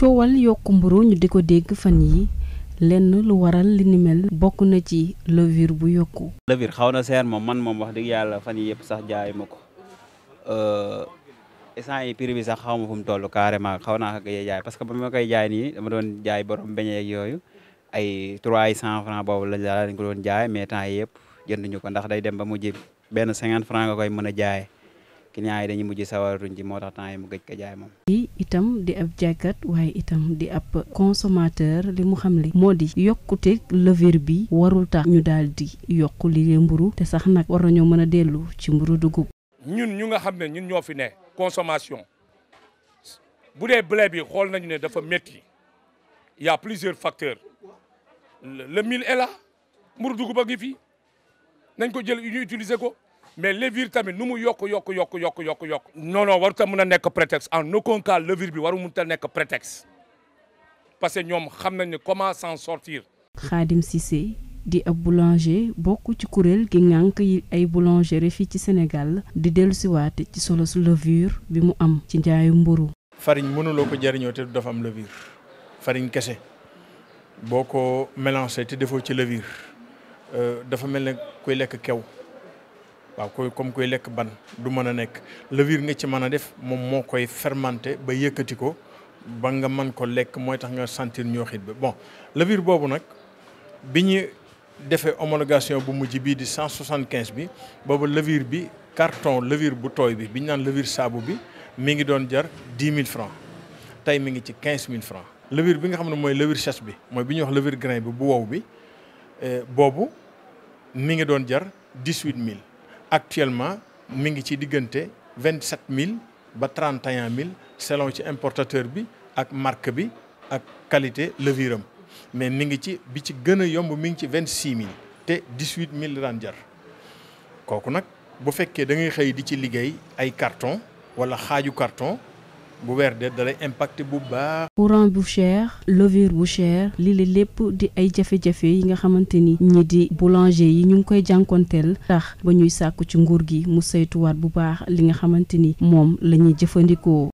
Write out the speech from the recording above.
coowal yokku mburu ñu di ko dégg fan yi lenn lu waral li ni mel bokk na ci levure bu yokku levure xaw na seer moom man moom wax dëgg yàlla fan yi yëpp sax jaay ma ko essence euh, yi prix bi sax xaw ma fu mu toll xaw naa ko jaay parce que ba ma koy jaay nii dama doon jaay borom beñe ak yooyu ay 300 francs boobu la lañ ko doon jaay mais temps yëpp jënduñu ko ndax day dem ba mu jëm benn cinquante franc nga koy mën a jaayee client yi dañuy mujj sawaruñ ci moo tax temps yi mu gëj ko jaay moom. lii itam di ab jaaykat waaye itam di ab consommateur li mu xam li moo di yokkute levure bi warul tax ñu daal di yokk li mburu te sax nag war nañoo mën a dellu ci mburu dugub. ñun ñu nga xam ne ñun ñoo fi ne consommation bu dee blé bi xool nañu ne dafa métti y plusieurs facteurs le mil est là mburu dugub a ngi fi. nañ ko jël ñu utiliser ko mais levure tamit nu mu yokk yokk yokk yokk yokk yokk non non waru ta mën a nekk prétexte en aucun cas levure bi waru mun ta nekk prétexte parce que ñoom xam nañ ne comment s'en sortir Khadim Cissé di ab boulanger bokk ci kuréel gi ngànk yi ay boulangerie fii ci Sénégal di dellusiwaate ci solo su levure bi mu am ci njaayu mburu farine mënuloo ko jëriñoo te dafa am levure farine kese boo ko mélangé te defoo ci levure Euh, dafa mel ne kuy lekk kew waaw koy comme kuy lekk ban du mën a nekk levure nga ci mën a def moom moo koy fermenté ba yëkkati ko ba nga man ko lekk mooy tax nga sentir ñooxit bi bon levure boobu nag bi ñu defee homologation bu mujj bii di cent soixante quinze bi boobu levure bi carton levure bu tooy bi bi ñu naan levure saabu bi mi ngi doon jar dix mille francs tey mi ngi ci quinze mille francs levure bi nga xam ne mooy levure sèche bi mooy bi ñu wax levure grain bi bu wow bi Euh, boobu mi ngi doon jar dix-huit mille actuellement mi ngi ci diggante vingt-sept mille ba trente et un mille selon ci importateur bi ak marque bi ak qualité levure am mais mi ngi ci bi ci gën a yomb mi ngi ci vingt-six mille te dix-huit mille daan jar kooku nag bu fekkee da ngay xëy di ci liggéey ay carton wala xaaju carton bu weer bu baax. courant bu cher levure bu cher lii la lépp di ay jafe-jafe yi nga xamante ni ñi di boulanger yi ñu ngi koy jànkonteel tax ba ñuy sàkku ci nguur gi mu saytuwaat bu baax li nga xamante ni moom la ñuy jëfandikoo.